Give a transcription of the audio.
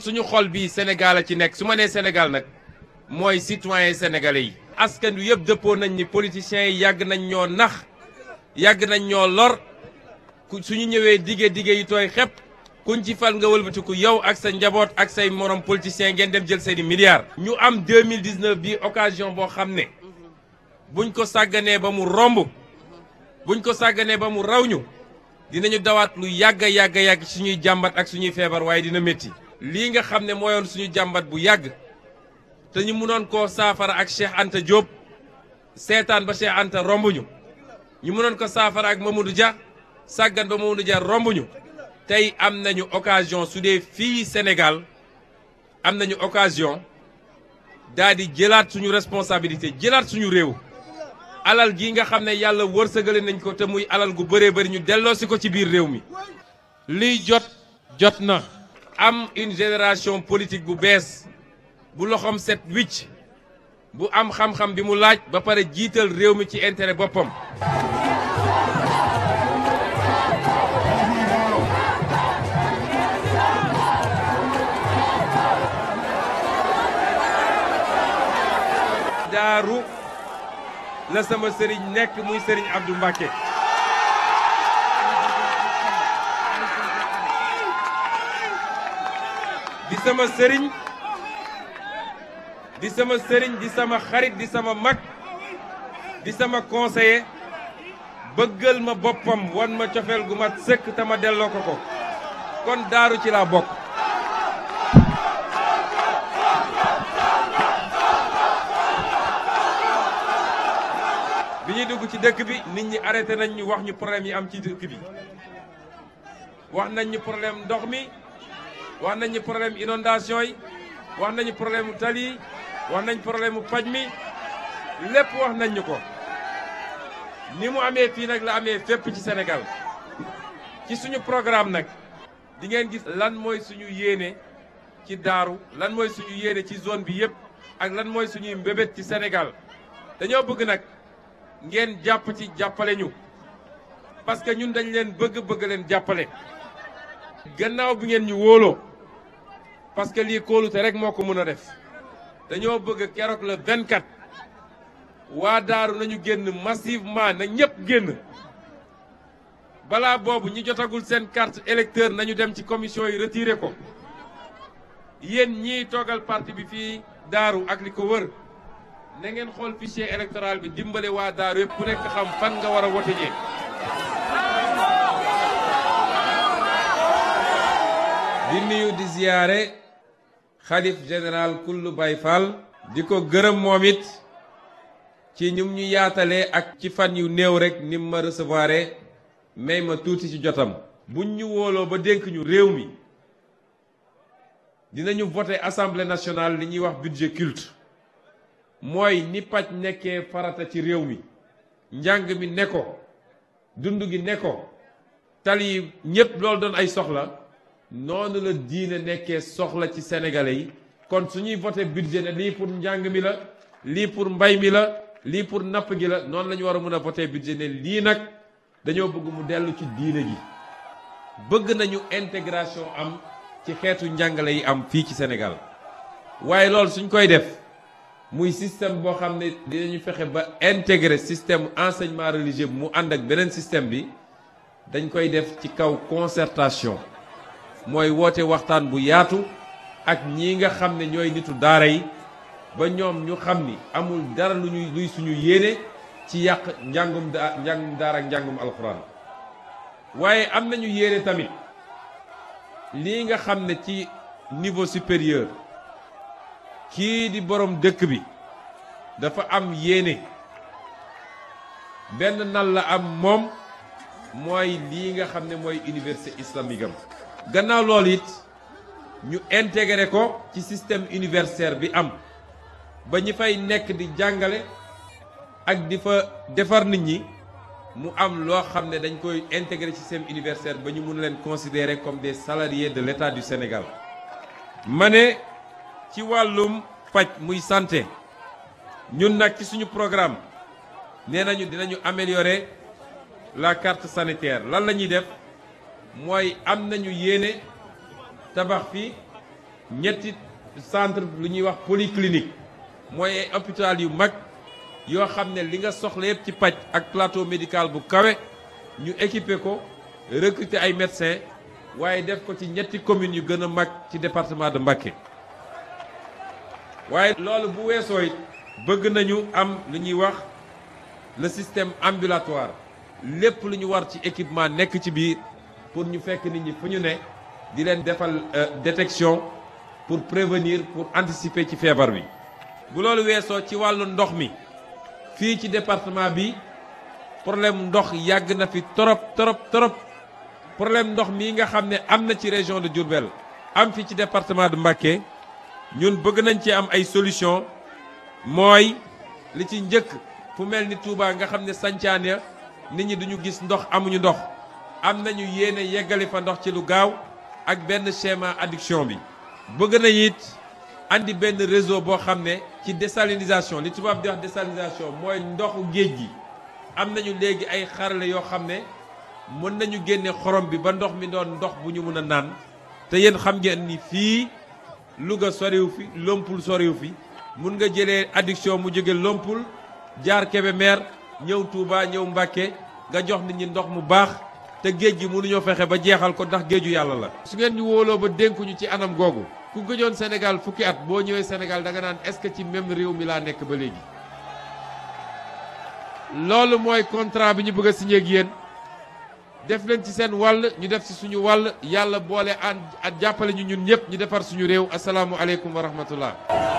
suñu xol bi Sénégal a ci nekk su ma nee Sénégal nag mooy citoyen sénégalais yi. askan wi yëpp dëppoo nañ ni politiciens yi yàgg nañ ñoo nax yàgg nañ ñoo lor suñu ñëwee digge digge yi tooy xepp kuñ ci fal nga wëlbatiku yow ak sa njaboot ak say moroom politiciens ngeen dem jël seeni milliards. ñu am 2019 bi occasion boo xam ne buñ ko sàgganee ba mu romb buñ ko sàgganee ba mu raw ñu. dinañu dawat lu yagga yagga yag a jambat, suñuy ak suñuy febar way dina metti li nga xamne ne suñu jambat bu yag te ñu mënon ko safara ak Cheikh Anta job setan ba Cheikh Anta romb ñu ñu ko safara ak Mamadou Dia sagan ba Mamadou Dia romb ñu tey am nañu occasion su fi Senegal, Sénégal am nañu occasion dadi di suñu responsabilité jëlat suñu rew alal ji nga xam ne yàlla wërsëgale nañ ko te muy alal gu bëree bëri ñu delloosi ko ci biir réew mi li jot jot na am une génération politik bu bees bu loxoom set wicc bu am xam-xam bi mu laaj ba pare jiital réew mi ci intérêt boppam daaru la sama sëriñ nekk muy sëriñ Abdou Mbacké di sama sëriñ di sama sëriñ di sama xarit di sama mag di sama conseiller bëggal ma boppam wan ma cofeel gu mat sëkk te ma delloo ko ko kon daaru ci laa bokk bi ñuy dugg ci dëkk bi nit ñi arrêté nañ ñu wax ñu problème yi am ci dëkk bi wax nañ ñu problème ndox mi wax nañ ñu problème inondation yi wax nañu problème mu tali wax nañ problème mu paj mi lépp wax nañ ko ni mu amee fii nag la amee fépp ci senegal ci suñu programme nag di ngeen gis lan mooy suñu yéene ci daaru lan mooy suñu yéene ci zone bi yépp ak lan mooy suñuy mbébét ci Sénégal dañoo bëgg nag ngeen jàpp ci jàppale ñu parce que ñun dañ leen bëgg bëgg leen jàppale gannaaw bi ngeen ñu wóoloo parce que lii kóolute rek moo ko mën a def dañoo bëgg keroog le 24 waa daaru nañu génn massivement na ñëpp génn balaa boobu ñi jotagul seen carte électeur nañu dem ci commission yi retiré ko yéen ñiy toogal parti bi fii daaru ak li ko wër na ngeen xool fichier électoral bi dimbale waa daaru yëpp ku nekk xam fan nga war a wote jee di nuyu xalif général kullu Baye Fall di ko gërëm moom it ci ñu ñu yaatale ak ci fan yu néew rek ni ma recevoir may ma tuuti ci jotam buñ ñu wóoloo ba dénk ñu réew mi dinañu voté assemblée nationale li ñuy wax budget culte mooy ni paj nekkee farata ci réew mi njàng mi ne ko dund gi ne ko tali ñépp loolu doon ay soxla noonu la diine nekkee soxla ci sénégalais yi kon su ñuy voté budget ne lii pour njàng mi la lii pour mbay mi la lii pour napp gi la noonu lañu ñu war a mën a voté budget ne lii nag dañoo bëgg mu dellu ci diine gi bëgg nañu intégration am ci xeetu njàngale yi am fii ci senegal waaye loolu suñ koy def muy système bo xamné ne dinañu fexe ba intégrer système enseignement religieux mu and ak benen système bi dañ koy def ci kaw concertation moy woote waxtan bu yaatu ak ñi nga xamné ne nitu daara yi ba ñom ñu xamni amul dara lu ñuy luy suñu yéné ci yaq jangum jang daara ak jangum alxuraan waye am nañu yéene tamit li nga xamné ci niveau supérieur qui di borom bi dafa am yene la am mom moy li nga islamique gannaaw loolu ñu système universitaire bi am ba fay di jangalé ak nit ñi mu am lo dañ intégré ci système universitaire ba ñu considérer comme des salariés de l'État du Sénégal Mané. ci wàllum paj muy santé ñun nag ci suñu programme nee nañu dinañu améliorer la carte sanitaire lan la ñuy def mooy am nañu yéene tabax fi ñetti centre lu ñuy wax polyclinique mooy ay hôpital yu mag yoo xam ne li nga soxla yëpp ci paj ak plateau médical bu kawe ñu équiper ko recruter ay médecins waaye def ko ci ñetti communes yu gën a mag ci département de Mbacké waaye loolu bu weesoo it bëgg nañu am lu wax le système ambulatoire lépp lu ñu war ci équipement nekk ci biir pour ñu fekk nit ñi fu ñu ne di leen defal euh, détection pour prévenir pour anticiper ci feebar bi. bu loolu weesoo ci wàllu ndox mi fii ci département bi problème ndox yàgg na fi trop trop trop problème ndox mii nga xam ne am na ci région de Diourbel am fi ci département de Mbacké. ñun bëgg nañ ci am ay solution mooy li ci njëkk fu mel ni Touba nga xam ne sancaan ya nit ñi duñu gis ndox amuñu ndox am nañu yéene yeggale fa ndox ci lu gaaw ak benn schéma adduction bi bëgg nañ it indi benn réseau boo xam ne ci désalinisation li tubaab di wax désalinisation mooy ndoxu géej gi am nañu léegi ay xarale yoo xam ne mën nañu génne xorom bi ba ndox mi doon ndox bu ñu mën a naan te yéen xam ngeen ni fii Louga soriw fi Lompul soriw fi mun nga jële addiction mu jóge Lompul jaar Kébémer ñëw Touba ñëw Mbàkke nga jox nit ñi ndox mu baax te géej gi mënuñoo fexe ba jeexal ko ndax géeju yàlla la. su ngeen ñu wóoloo ba dénkuñu ci anam googu ku gëjoon Sénégal fukki at boo ñëwee Sénégal danga naan est-ce que ci même réew mi laa nekk ba léegi loolu mooy contrat bi ñu bëgg a signé yéen. def leen ci seen wàll ñu def ci suñu wàll yàlla boole ànd ak jàppale ñu ñun ñëpp ñu defar suñu réew asalaamualeykum wa rahmatullah